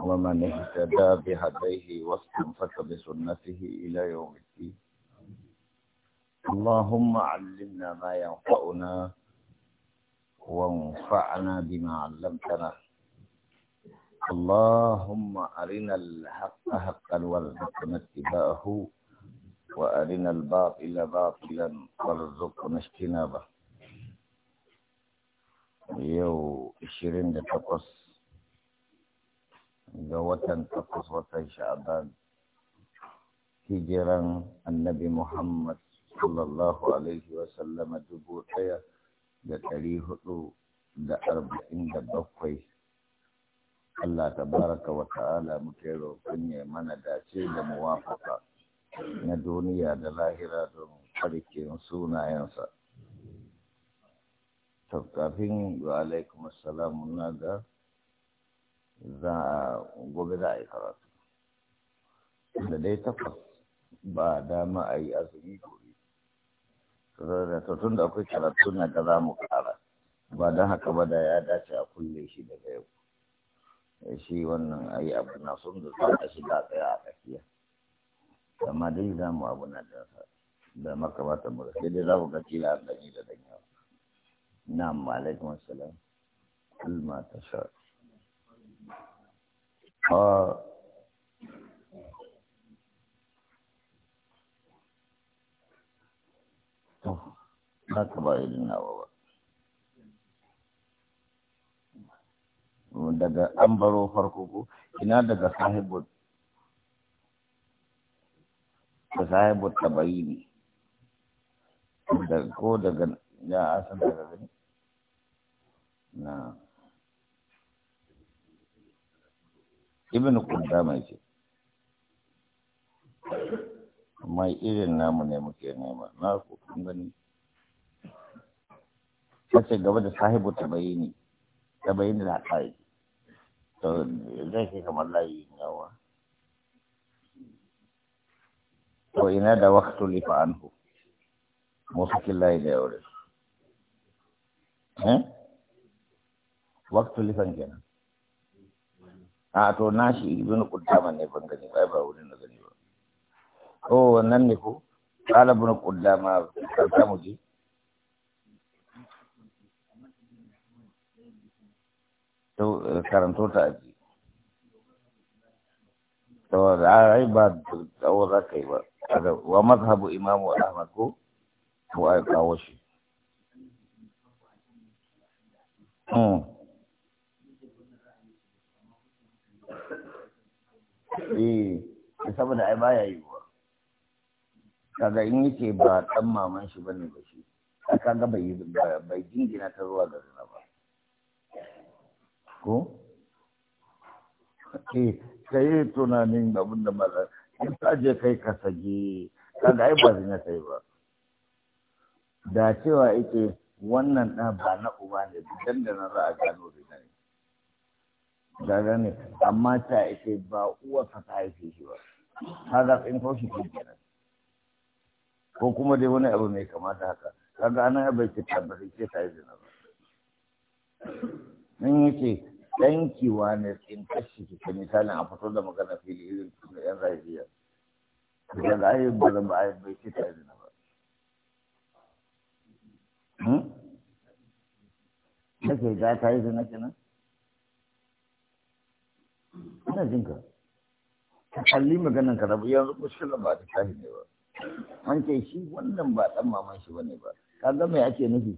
ومن اهتدى بهديه واستنفك بسنته إلى يوم الدين اللهم علمنا ما ينفعنا وانفعنا بما علمتنا اللهم أرنا الحق حقا وارزقنا اتباعه وأرنا الباطل باطلا وارزقنا اجتنابه يو 28 ga watan takwas watan sha'aban. hijiran annabi Muhammad sallallahu alaihi wasallama dubu ɗaya da ɗari hudu da arba'in da bakwai Allah tabaraka wa ta'ala muke roƙon ya mana dace da muwafaka na duniya da lahira don farkin sunayensa. Tafkafin wa alaikum assalamu na ga za gobe za a yi karatu da dai takwas ba dama a yi azumi gobe tun da akwai karatu na ga za mu kara ba don haka ba da ya dace a kulle shi daga yau shi wannan a yi abu na sun da sun a shiga tsaya a tafiya amma dai za mu abu na da da makamata mu sai dai za ku ga kila an da danyawa na malaikun salam kulma ta sha'a haka ba irin nawa ba daga an baro farko ko ina daga sahibu da sahibu tabayi ne ko daga ya asan daga gani na ibn kundama ce, mai irin namu ne muke nema na ku kun gani kace gaba da sahibu tabayini tabayini da kai to zai ke kamar layi gawa to ina da waqtu li fa anhu mufakin layi da yawa eh waqtu li fa kenan a to nashi ibn qudama ne ban gani ba ba wurin da gani ba oh wannan ne ko qala ibn qudama ka mu ji to karanto ta ji to rai ba to za ka yi ba wa mazhabu imamu ahmad ko ko ai kawo shi hmm. eh saboda ai baya yi ba. kaga in yake ba dan maman shi bane ba shi kaga bai bai jingina ta zuwa ga zuna ba ko ke kai tunanin abin da mala in ka je kai ka saje kaga ai ba zina sai ba da cewa yake wannan ɗan ba na uba ne dan da na za a gano zina ne gaga ne amma ta ita ba uwarsa ta haife shi ba kaga ko shi ke kenan ko kuma dai wani abu mai kamata haka kaga ana bai ce ba ce ta yi na ba in yake ɗankiwa ne tsinkar shi ke misalin a fito da magana fili irin da yan zafiya daga ayin ba zan ba ayin bai ce ta yi zina ba nake hmm? ga ta yi zina kenan ina jin ka ka kalli maganin ka rabu yanzu kuskure ba ta tashi ne ba an ce shi wannan ba dan maman shi bane ba ka ga mai ake nufi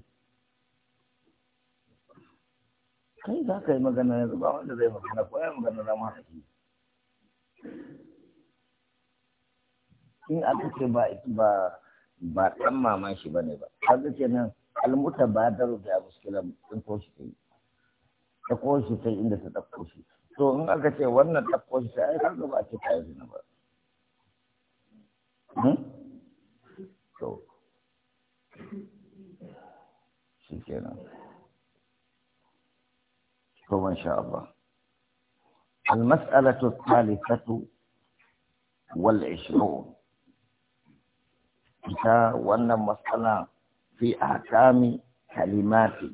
kai za ka yi magana yanzu ba wanda zai magana ko ya magana za mu haɗa shi in aka ce ba ba ba dan maman shi bane ba ga kenan almuta ba da rubuta mushkilan din ko shi kai ta ko shi kai inda ta ɗauko shi to in aka ce wannan takwas sai ai kaga ba ce ta yi ba to shi kenan ko ma sha Allah al mas'alatu thalithatu wal 20 والعشرون wannan mas'ala fi ahkami kalimati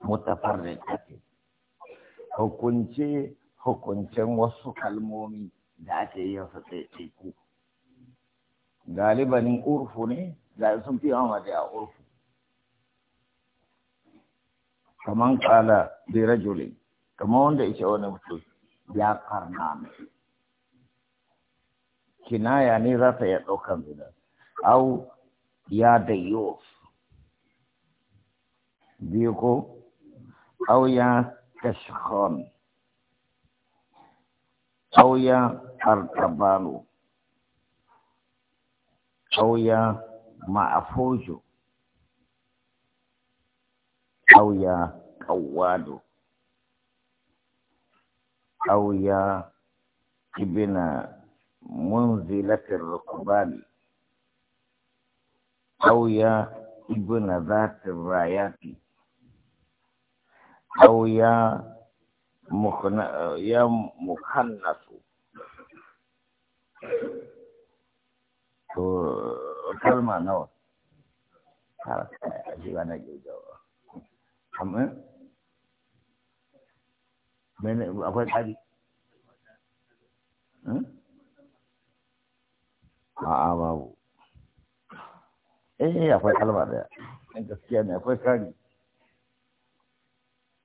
متفرقة hukunce hukuncen wasu kalmomi da ake yin su tsaitaiku galibanin urfu ne da sun fi yawan da a urfu kaman kala bi rajulin kamar wanda ya ce wani mutum ya karna mai kinaya ne za ta iya ɗaukan zina au ya da biyu ko au ya كشخان أو يا أرتبالو أو يا معفوج أو يا قواد أو يا ابن منزلة الركبان أو يا ابن ذات الرايات أو يا مخن يا مخنث كلمة نو خلاص أجيب أنا أجيب هم من أقول حاجة a'a babu eh akwai kalma ده gaskiya سكيان akwai kari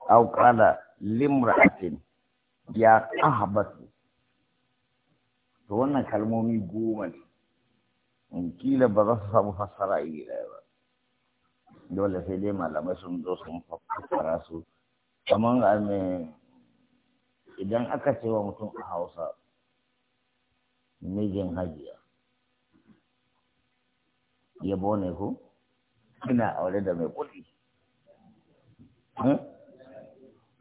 aw qala limra'atin ya ahbatu to wannan kalmomi goma ne in kila ba za su samu fassara iri ɗaya ba dole sai dai malamai sun zo sun fassara su kamar a eh, idan aka ce wa mutum a hausa mijin hajiya yabo ne ko ina aure da mai kuɗi hmm?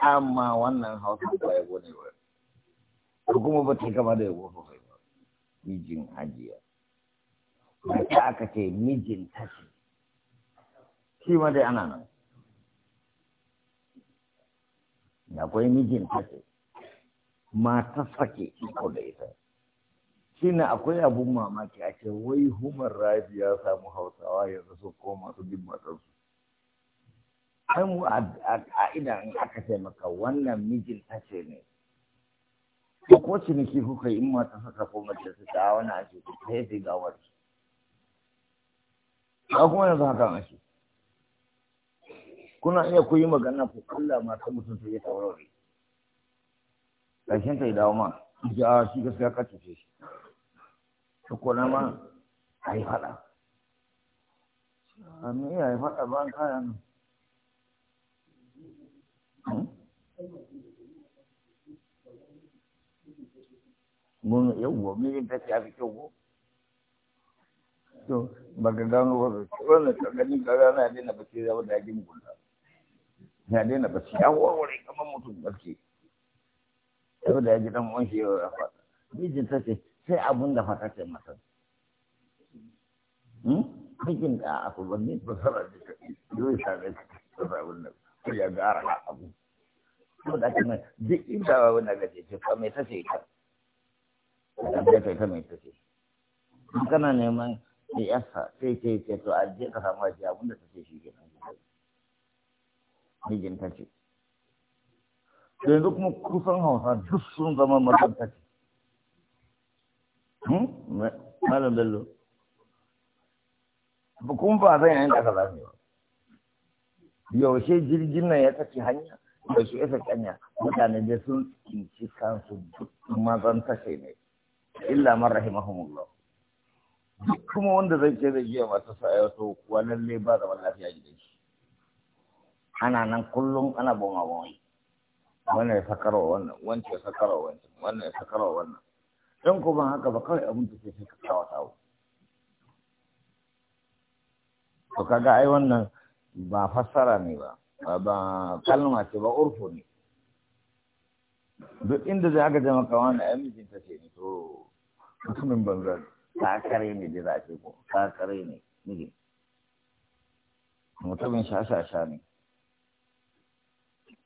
amma wannan hausa ba ya gode ba ko kuma ba ta gama da yabo sosai ba mijin hajiya ba ta aka ce mijin tashi shi ma dai ana nan akwai mijin tashi mata sake iko da ita shi ne akwai abun mamaki a ce wai humar rafi ya samu hausawa yanzu su koma su bin matarsu ai mu a ka'ida in aka taimaka maka wannan mijin ta ce ne to ko ciniki kuka yi in mata saka ko mace su ta wani a ce ta yi sai gawar ba kuma yanzu haka a shi kuna iya ku yi magana ku kalla mata mutum ta yi taurari ƙarshen ta yi dawo ma ji a shi gaskiya ka cuce shi ta kona ma a yi faɗa a me ya yi faɗa ba an kaya nan mun yawwa mijin ta ya fi kyau ko to ba ka gano ba ka wannan ka gani ka gano ya daina bacci zama da yakin gunda ya daina ya warware kamar mutum bacci yau da ya dan wanshi yau ya faɗa mijin ta ce sai abun da fata ce masa hmm? mijin da a kubanni ba sarar da ta yau sa ta ya gara na abu ko da kuma duk inda ba wanda ga ce fa me tace ka da kai ta me tace kana neman yasa sai ce ce to a je ka samu shi abinda tace shi ke nan. mijin tace to yanzu kuma kusan hausa duk sun zama mazan tace hmm? malam bello ba kuma ba zan yanka kaza ne ba yaushe jirgin nan ya tafi hanya yaushe ya tafi hanya mutane da sun tsinci kansu mazan tashe ne illa man rahimahumullah duk kuma wanda zai ce zai jiya ta saya to kuwa lalle ba zaman lafiya gidan shi ana nan kullum ana boma bomai wannan ya sakarwa wannan wancan ya sakarwa wancan wannan ya sakarwa wannan don kuma haka ba kawai abin da ke sai ka kawo to kaga ai wannan ba fassara ne ba ba kalma ce ba urfu ne duk inda za ka zama kawo na yan mijinta ce ne to mutumin banza sakare ne da za a ce ko sakare ne mijin mutumin shashasha ne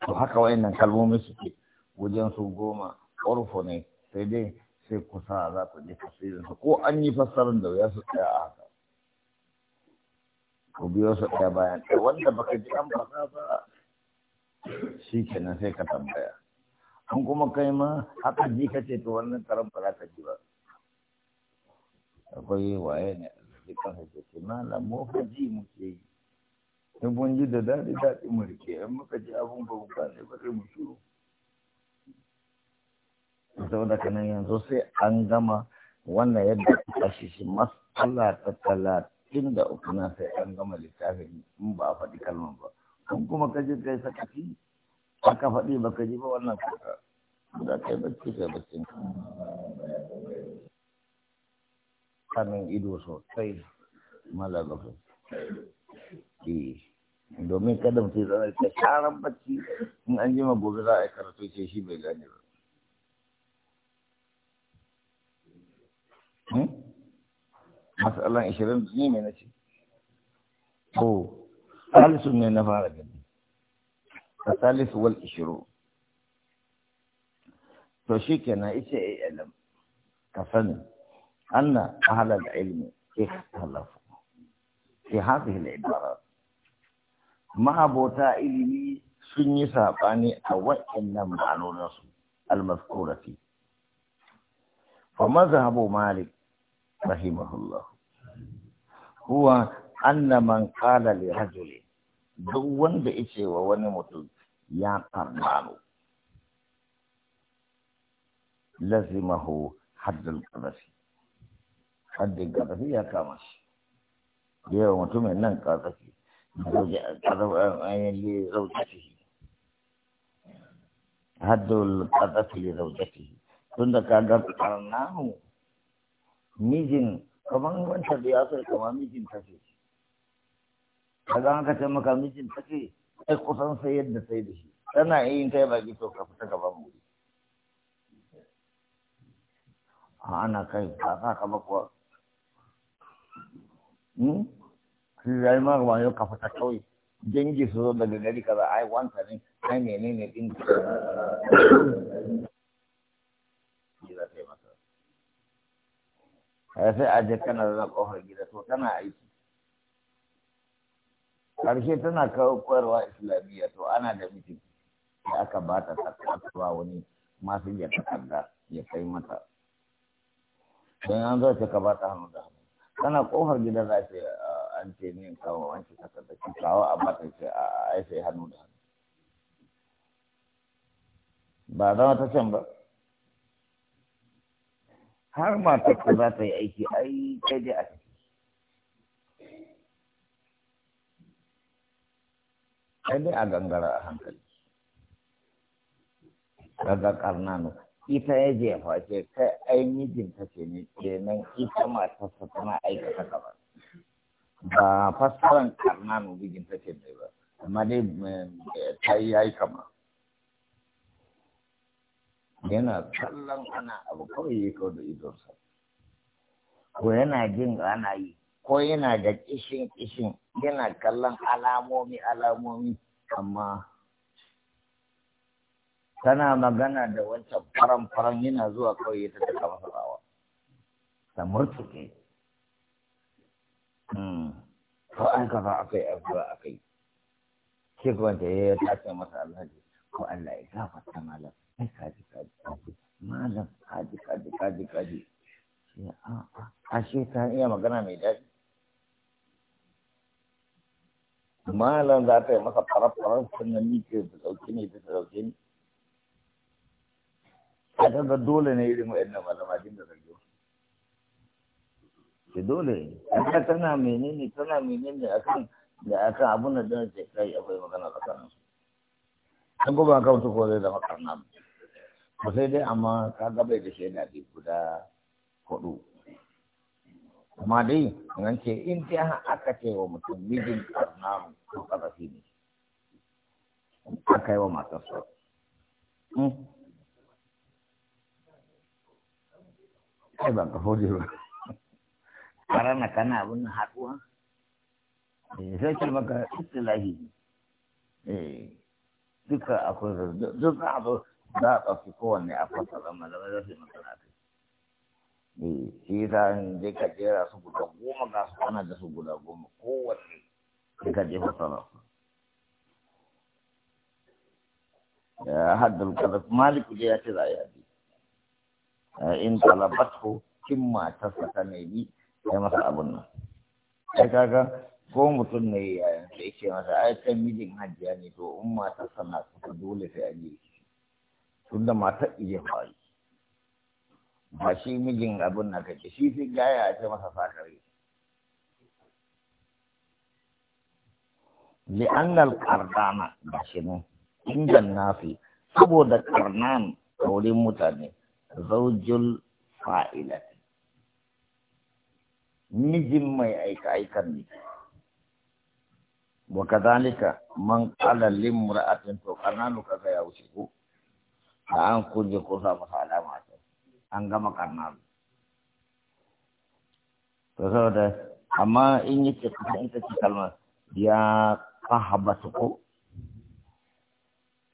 to haka wayannan kalmomi suke wajen su goma urfu ne sai dai sai kusa za ta je tafsirin ko an yi fassarar da ya su tsaya a haka ku biyo su ɗaya bayan ɗaya wanda baka ji an faɗa ba shi kenan sai ka tambaya an kuma kai ma haka ji ka ce to wannan karan ba za ka ji ba akwai waye ne a zai kansa ce ce na ka ji muke yi in mun ji da daɗi daɗi mu rike in muka ji abun ba buka ne ba sai mu shuru saboda kanan yanzu sai an gama wannan yadda aka shi shi masala ta talata inda uku na sai an gama littafin in ba a faɗi kalmar ba kun kuma ka je kai sakaci aka faɗi ba ka ji ba wannan kaka da kai bacci kai baccin kanin ido sosai mala bakwai ki eh, domin kada mutum zama ta sharan bacci in an jima gobe za a yi karatu ce shi bai gane ba hmm? مسألة عشرين دنيا من أشي هو ثالث من النفارة جدي الثالث والعشرون تشيك أنا إيش أي علم كفن أن أهل العلم اختلفوا في هذه العبارات ما بوتا إلي سني سابعني أو إن معلون المذكورة فمذهب مالك رحمه الله huwa anna man qala li rajuli duk wanda yace wa wani mutum ya karnanu lazimahu haddul qadasi haddul qadasi ya kama shi yawa mutumin nan qadasi qadawan ayin li haddul qadasi li لزوجته tunda kaga karnahu mijin kamar wancan da ya sai kama mijin ta ce kaga ka ce maka mijin ta ce ai kusan sai yadda sai da shi tana yin kai ki to ka fita gaban mu ana kai ba ka kama kuwa hmm? shi ya yi mara yau ka fita kawai dangi su zo daga gari kaza ai wanta ne ai menene din Eh, sai a je kana da kofar gida to tana aiki karshe tana kawo koyarwa islamiyya to ana da mutum da aka ba ta takarwa wani masu iya takarda ya kai mata don an zo ka ba ta hannu da hannu tana kofar gida za ce an ce ne kawo wancan takarda ki kawo a ba ta ce a aise hannu da hannu ba zama ta can ba har matar ka za ta yi aiki ai kai dai a ciki kai dai a gangara a hankali daga karnanu ita ya jefa ce kai ai mijinta ce ne kenan ita matarsa tana aikata gaba ba fassaran karnanu mijinta ce ne ba amma dai eh, ta yi kama yana kallon ana abu kawai ya kawo da idonsa ko yana jin ana yi ko yana da kishin kishin yana kallon alamomi alamomi amma tana magana da wancan faran faran yana zuwa kawai ta taka masa Da ta murtuke ko hmm. an kafa akai abuwa akai kai. kuma ta yi ya tace masa alhaji ko Allah ya gafarta malam kai kaji kaji kaji malam kaji kaji kaji kaji shi ta iya magana mai daɗi malam za ta yi masa farar sunan sannan da ɗauki ne da ɗauki ne a kaga dole ne irin wa'annan malama din da zargi ke dole aka tana menene tana menene akan da akan abun da na ce kai akwai magana tsakanin su an goma kan su ko zai zama karna ba sai dai amma ka gaba da shi na bi guda hudu amma dai nan ce in dai aka ce wa mutum mijin karna ko karafi ne aka yi wa matarsa kai hmm? ba ka fodi ba na kana abin haɗuwa eh, sai kalmaka maka istilahi eh duka akwai duk za a za a ɗauki kowanne a fasalar malamai za su yi shi eh, yasa in je ka jera su guda goma ga su ana da su guda goma kowanne sai ka je fasalar su maliku je ya ce za a yi eh, in talabatu matarsa ta nemi sai masa abun nan sai kaga ko mutum ne ya da yake masa ai kan mijin hajiya ne to in mata sana ta dole sai a yi tun da mata iya fari ba shi mijin abin na kake shi sai gaya a ce masa sakare li'annal kardana da shi ne nafi saboda ƙarnan kaurin mutane zaujul fa'ilati mijin mai aika aikan ne wa kadhalika man qala limra'atin to karnanu kaza ya wuce ko a an kuje ko sa masa alama ta an gama karnanu to saboda amma in yake kusa ita ce kalmar ya kahabatu ko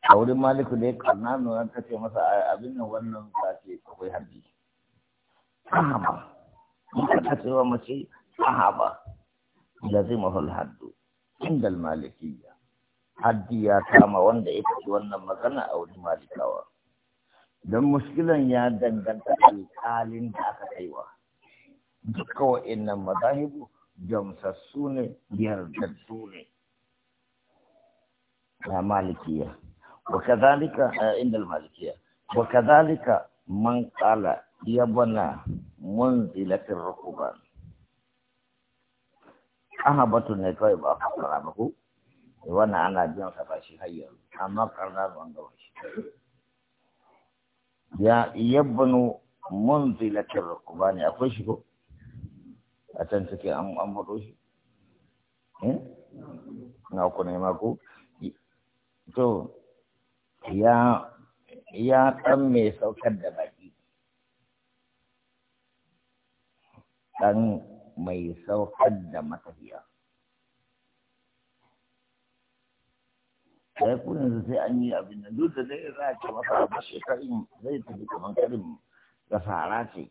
a wurin maliku da ya karna nuna ta ce masa abin nan wannan sace akwai harbi sahaba in ka ta cewa mace sahaba da zai mahul haddu inda malikiyya haddi ya kama wanda ya fi wannan magana a wurin malikawa don muskilan ya danganta alƙalin da aka kaiwa duka innan mazahibu jamsassu ne yardassu ne na malikiyya wa kazalika inda malikiyya wa kazalika man qala yabana munzilatir rukuban batun ne kawai ba a fara ba ko eh, wannan ana biyan sa ba shi hayyar amma karna ban ga shi ya mun zilatar rukbani akwai shi ko a can suke an an shi eh? na ku ne ma ku to ya ya me mai saukar da baki dan mai saukar da matahiya sai ku yanzu sai an yi abin da duk da dai za a ce masa a abu karin zai tafi kamar karin da fara ce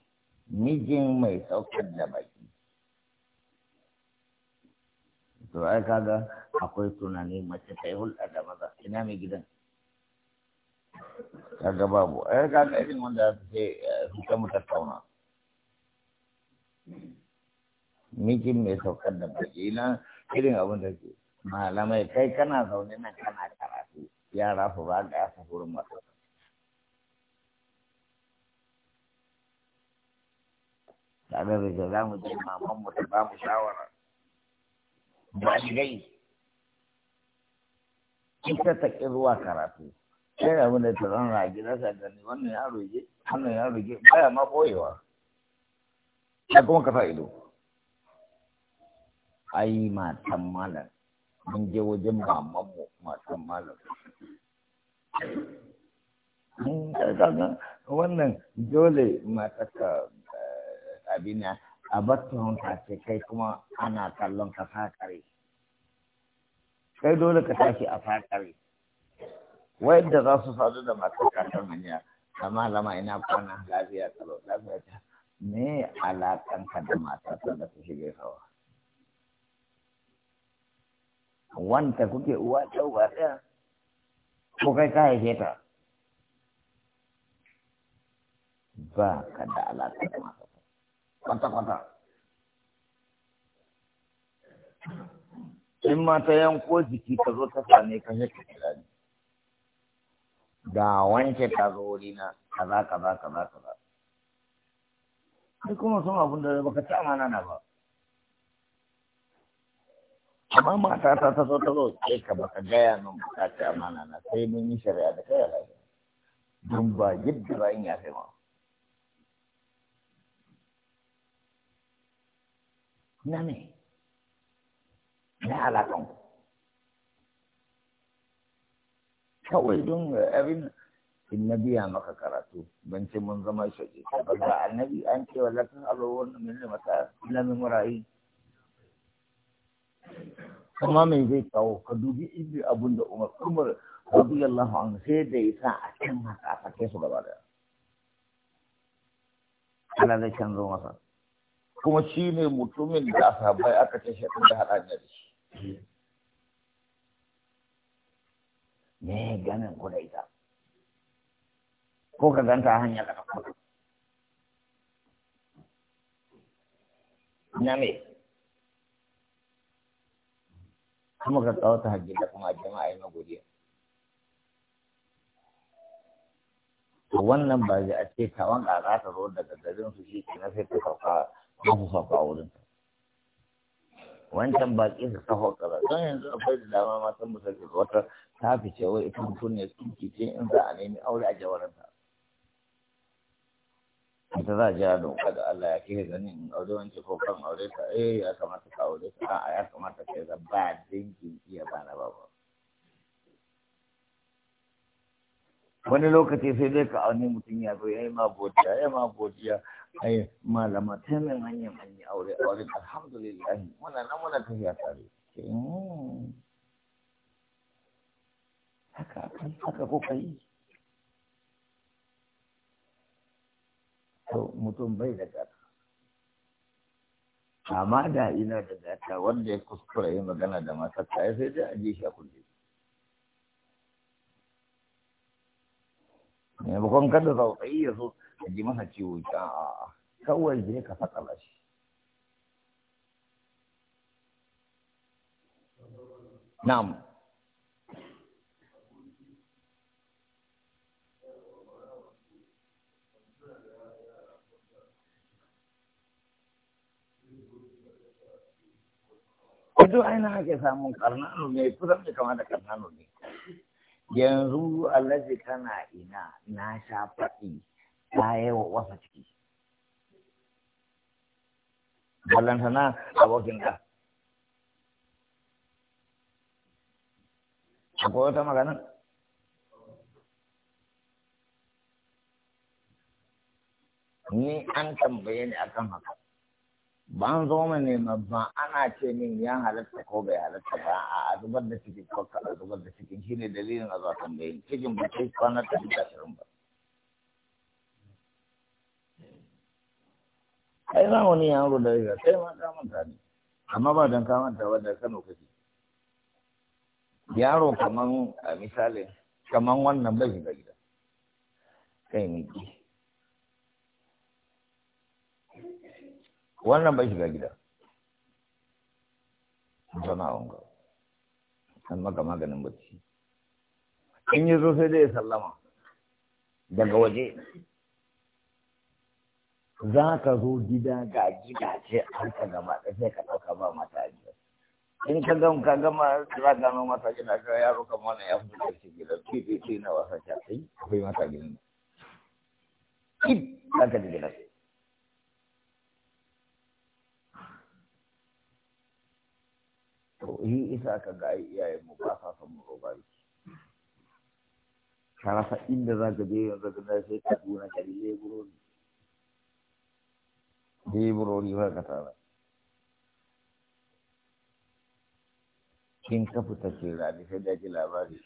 mijin mai saukar da baki to ai kaga akwai tunani mace ta yi hulɗa da maza ina mai gidan kaga babu ai kaga irin wanda ta ce su ta mu tattauna mijin mai saukar da baki na irin abin da ke malamai kai kana zaune nan kana karatu yara su ba ka yasa hurin masu tare da za mu je maman mu ba mu shawara ba shi gai kika ta ƙi zuwa karatu sai abin da ta zan rage rasa gani wannan yaro ruge wannan ya ruge baya ma ɓoyewa sai kuma ka sa ido ai matan malam mun je wajen mu matan malam wannan dole mataka eh, abina a batun ce kai kuma ana kallon ka fakare kai dole ka tashi a fakare da za su sadu da mataka ta manya kama malama ina kwana lafiya kalau lafiya ta me alakanka da matata da ta shige hawa wanta kuke uwa ta uwa ɗaya ko kai ka haife ta ba ka da alaƙa da kwata-kwata in ma ta yanko jiki ta zo ta same ka shi kira ne da wanke ta zo na kaza kaza kaza kaza sai kuma sun abin da baka ci amana na ba amma mata ta ta zo ta zo ke ka baka gaya min ka ce amana na sai mun yi shari'a da kai lafiya don ba yadda ba in ya kai ma na ne na alaƙan ku kawai don abin in na biya maka karatu ban ce mun zama shaƙi ba ga annabi an ce wa lakin alowar min mata lamin mura'i kuma mai zai kawo ka dubi ibi abun da umar umar radiyallahu anhu sai da ya sa a kan haka a sake su gaba daya ana zai canzo masa kuma shi ne mutumin da a bai aka ce shi da hada ne da shi me ganin kuda ita ko ka ganta hanyar da kuma na me kuma ka kawo ta hajji da kuma jama'a yi magodiya wannan ba a ce kawan ƙaƙa ta zo daga garin su shi ke na sai ta sauka ba su sauka wurin wancan baƙi su kawo ƙara. don yanzu akwai da dama matan musulmi wata ta fi cewa ita mutum ne su kike in za a nemi aure a jawaranta ita za a jira da da Allah ya kira ganin in aure wancan ko kan aure ta eh ya kamata aure ka a ya kamata ka ga ba dangin iya ba ba wani lokaci sai dai ka auni mutum ya zo ya yi ma godiya ya ma godiya ai malama ta min hanyar an aure aure alhamdulillah muna nan muna tafiya tare hmm. haka haka ko ka yi? to mutum bai da gata amma da ina da data wanda ya kuskura yi magana da matarsa ya sai dai a shi a kulle maimakon kada tsautsayi ya so a ji masa ciwo a kawai je ka faɗa shi na'am duk aina ake samun karnano ne kusan da kama da karnano ne yanzu alhaji kana ina na sha faɗi ta yawa wasa ciki ballantana abokin ka akwai wata magana ni an tambaye ni akan haka ban zo ne ba ana ce min ya halatta ko bai halatta ba a zubar da cikin ko a zubar da cikin shine dalilin a zafin da yin cikin ba sai kwana ta da ashirin ba ai ba wani yaro da riga kai ma ka manta ne amma ba don ka manta ba da Kano kake yaro kamar a misali kaman wannan bai shiga gida kai ne wannan bai shiga gida zana wanga an maka maganin bacci in yi zo sai dai sallama daga waje za ka zo gida ga gidace an ka gama da sai ka ɗauka ba mata gida in ka gama ka gama za ka gano mata gida ka yaro ka mana ya fito shi gida titi na wasa ta kai akwai mata gina. ki za ka ji gidan to yi isa ka ga iyayen mu ba sa son mu roba shi ka rasa inda za ka je yanzu ka na sai ka duna ne. leburori ne ba ka tara kin ka fita ce rani sai da ji labari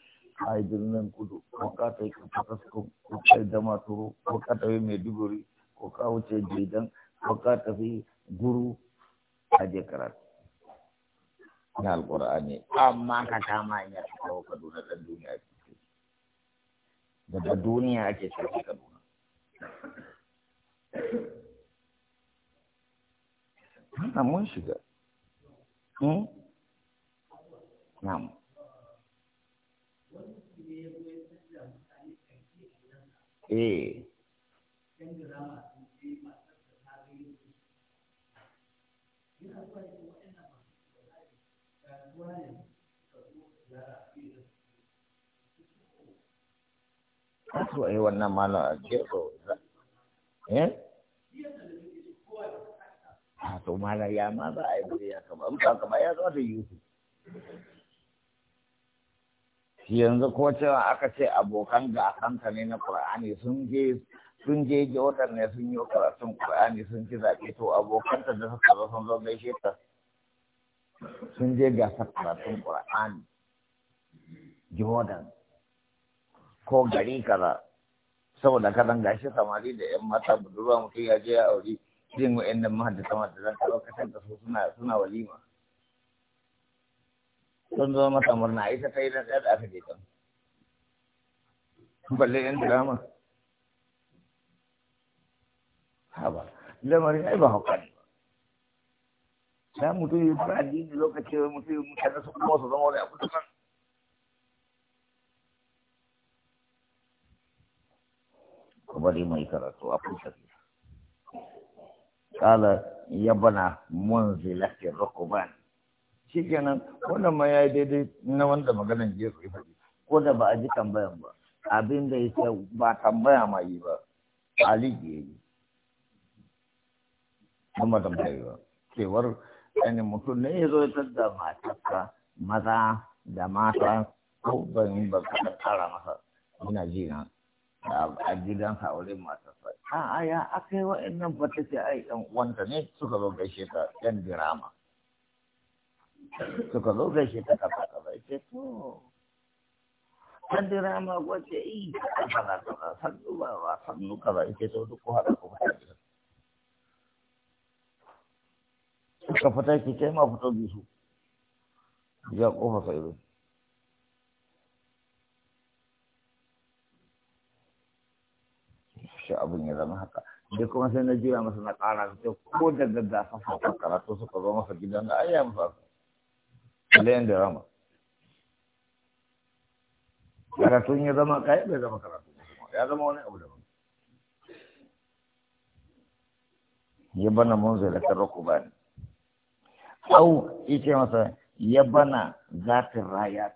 ai birnin kudu ko ka ta yi kafa kasko ko ka yi dama turo ko ka tafi maiduguri ko ka wuce jidan ko ka tafi guru a je karatu na alƙur'ani amma ka kama in ya kawo kaduna ɗan duniya ake ce daga duniya ake ce kaduna Ana mun shiga. Hmm? Na'am. Eh. Asu ai eh, wannan malam a jero. Eh? A ah, to malam ya ma ba a yi buri ya kama. In ka kama ya zo da yuhu. Yanzu ko cewa aka ce abokan gasanka ne na Qur'ani sun je sun je Jordan ne sun yi karatun Qur'ani sun ci zaɓe to abokanta da suka zo sun zo gaishe ta. Sun je gasar karatun Qur'ani. Jordan. ko gari kaza saboda kadan gashi samari da yan mata budurwa mutum ya je ya aure irin wa'annan da mahaddatan ta kasan da su suna suna walima sun zo mata murna a ita ta yi da tsaye da aka je kan balle yan drama haba lamarin ai ba hauka na mutum yi fara addini lokacin mutum mutane su kuma su zama wani abu da bari mai karatu a fusafi kala roƙo ba ne. shi kenan wannan ma ya yi daidai na wanda maganan jiya ku faɗi ko da ba a ji tambayan ba abin da ya ba tambaya ma yi ba ali ya yi kuma tambaya ba cewar ɗani mutum ne ya zo ya matarsa maza da mata ko ban ba ka tsara masa ina ji na a gidan haurin matarsa a ya aka yi wa'annan fata ce ai ɗan uwanta ne suka zo gaishe ta ɗan dirama suka zo gaishe ta kafa kafa ce to ɗan dirama ce yi kaza kaza sannu ba ba sannu kaza ce to duk ko haɗa ko fata ce suka fata ke kai ma fito bisu ya kofa sai shi abin ya zama haka sai kuma sai na jira masa na ƙara sai ko da gaggafa fa karatu suka zo masa gidan da ayya masa layan da rama karatun ya zama kai bai zama karatu ya zama wani abu daban ya bana mun zai da karraku ba ne au ita masa ya bana zatin raya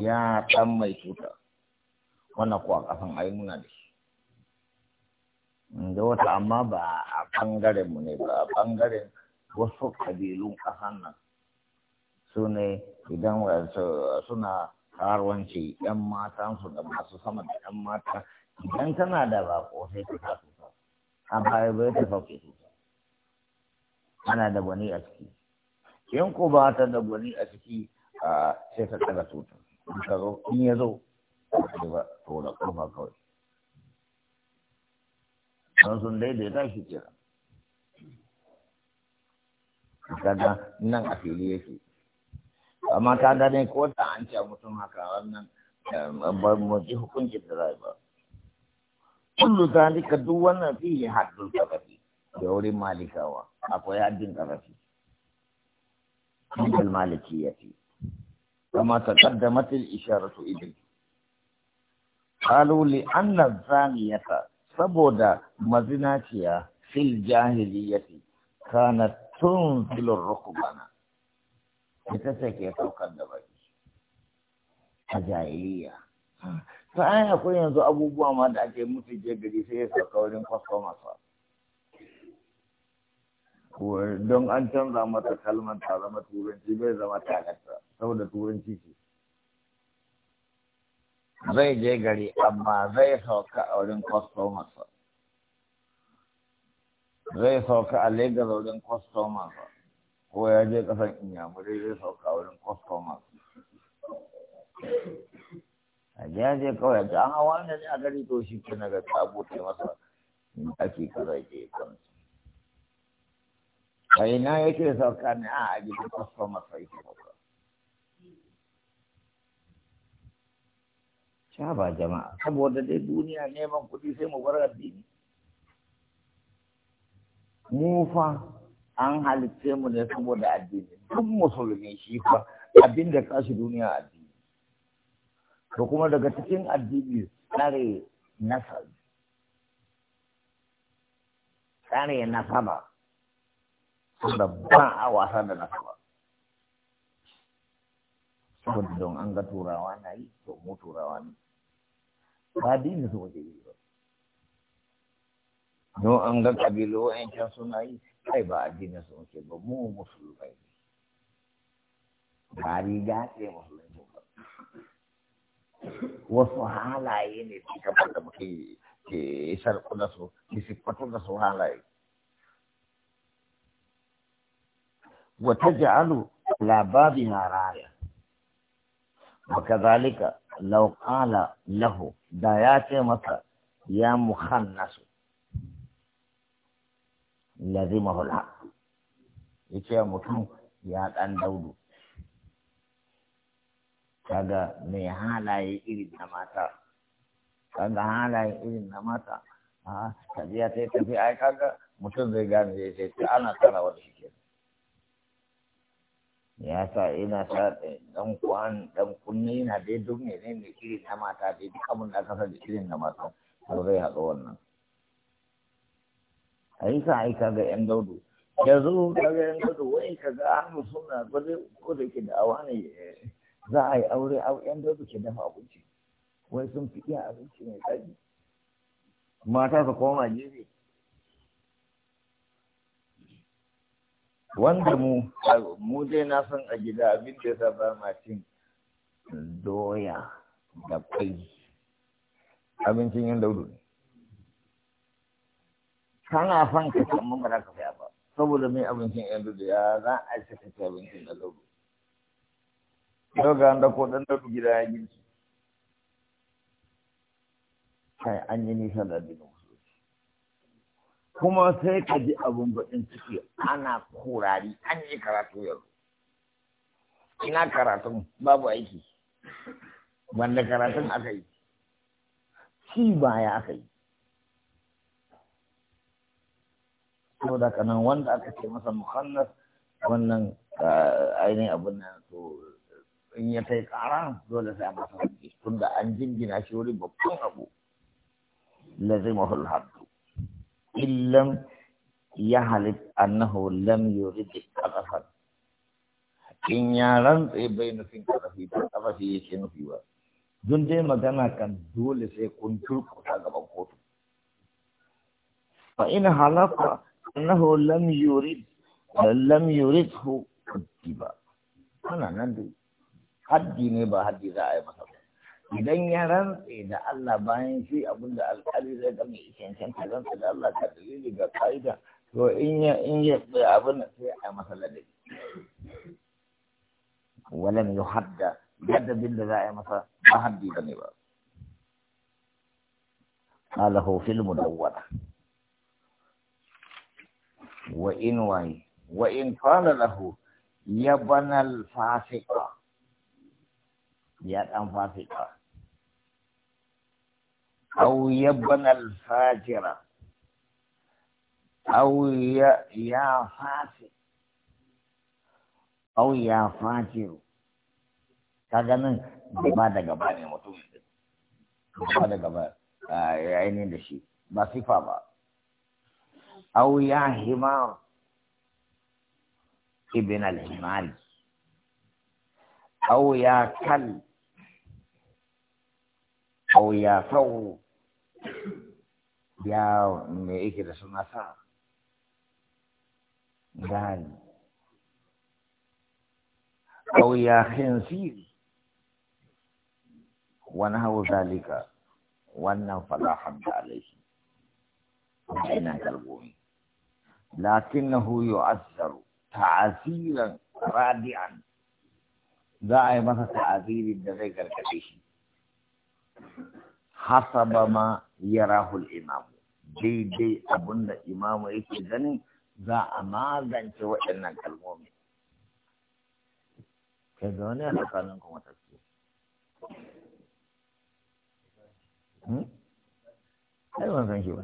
ya dan mai cuta wannan kuwa kafin ayi muna da shi da wata amma ba a ɓangaren mu ne ba a ɓangaren wasu ƙabilun ƙasan nan su ne idan suna karuwanci yan matansu da masu sama da yan mata idan tana da bako sai ta tasu a baya bai ta fauke su ana da gwani a ciki in ko ba ta da gwani a ciki sai ta tsaga tutar in ya zo ba ta da kofa kawai don sun ta shi kira kaga nan a fili yake amma ta gane ko da an ce mutum haka wannan eh, ba mu ji hukuncin da zai ba kullu zalika duk wannan fihi haddul qadafi da wurin malikawa akwai haddin maliki ya fi kama ta al isharatu ilayhi قالوا لأن الزانية saboda mazinaciya fil jahiliyati kana tun filin rukubana ita ce ke saukar da baki a jahiliya sa'an akwai yanzu abubuwa ma da ake mutu je gari sai ya sauka wurin don an canza mata kalmar ta zama turanci bai zama takarta saboda turanci ce zai je gari amma zai sauka a wurin kwastomarsa zai sauka a Legas a wurin kwastomarsa ko ya je kasan inyamurai zai sauka a wurin kwastomarsa a jiya je kawai da an hawa ne a gari to shi ke na ga tabo masa, in ake kaza ke kansu Kai na yake sauka ne a a gidan kwastomarsa yake sauka sha ba jama'a saboda dai duniya neman kuɗi sai mu bar addini mu fa an halitte mu ne saboda addini duk musulmi shi fa abin da kashi duniya addini to kuma daga cikin addini tsare nasar tsare nasaba saboda ba a wasa da nasaba saboda don an ga turawa na yi to mu turawa ne ba dinin su waje yi ba don an ga kabilu wa'ancan suna yi kai ba addinin su muke ba mu musulmai ne ba riga ce musulmai ba wasu halaye ne su kamar da muke ke sarku da su ke siffatu da su halaye la babi lababina raya وكذلك لو قال lahu da ya ce masa ya muhannasu lazimahul haqq ya ce mutum ya ɗan daudu kaga mai halaye irin na mata kaga halaye irin na mata ah, a tafiya ta tafiya ai kaga mutum zai gane zai ce ana tarawa da shi kenan ya sa ina sa dan kwan dan kunne na dai duk ne ne ne kiri na mata dai duk abin da aka da kirin na mata to zai haɗu wannan a yi sa aika ga yan daudu yanzu kaga yan daudu wai kaga ahlu sunna ba zai ko da ke da'awa ne eh, za a yi aure yan daudu ke dafa abinci wai sun fi iya abinci mai tsaki mata su koma jere. wanda mu mu dai na san a gida abin da ya ba ma cin doya da kwai abincin yan daudu ne kana son ka ci amma ba ka saya ba saboda mai abincin yan daudu ya za a ci ka ci abincin da daudu yau ga wanda ko dan daudu gida ya girki kai an yi nisa da dinu kuma sai ka ji abun baɗin ciki ana kurari an yi karatu yau ina karatun babu aiki wanda karatun aka yi ba baya aka yi da kanan wanda aka ce masa muhannas wannan eh, ainihin abin nan to in ya kai kara dole sai masa tunda an jingina shi wuri babban abu lazimahul haddu illam ya halit annahu lam yurid al-qadha in ya rantse bai nufin karafi ba karafi yake nufi ba don dai magana kan dole sai kun turkuta gaban kotu fa in halafa annahu lam yurid lam yuridhu kutiba kana nan dai haddi ne ba haddi za a yi masa idan ya rantse da Allah bayan shi abin da alƙali zai ga mai ta rantse da Allah ta dalili ga ka'ida to in ya in ya tsaya abin da sai a masa ladabi walan yuhadda ladabin da za a yi masa ba haddi ba ne ba قال wa in wai wa in وإن lahu له يبنى الفاسق يا أم فاسقة أو يبنى الفاجرة أو يا, يا فاسق أو يا فاجر kaga nan gaba da gaba ne mutum gaba da gaba yayin da shi ba sifa ba أو يا حمار ابن الحمار أو يا كلب أو يا ثور ya me ایک da suna sa أو يا خنزير ونهو ذلك وأنه فلا حمد عليه حين قلبه لكنه يؤثر تعذيرا رادعا دائما تعذير الدقيقة الكبير حسب ما yarahul imam daidai abin da imamu yake ganin za a magance waɗannan kalmomi kai ga wani a tsakanin kuma tafiye hmm? ai ban san shi ba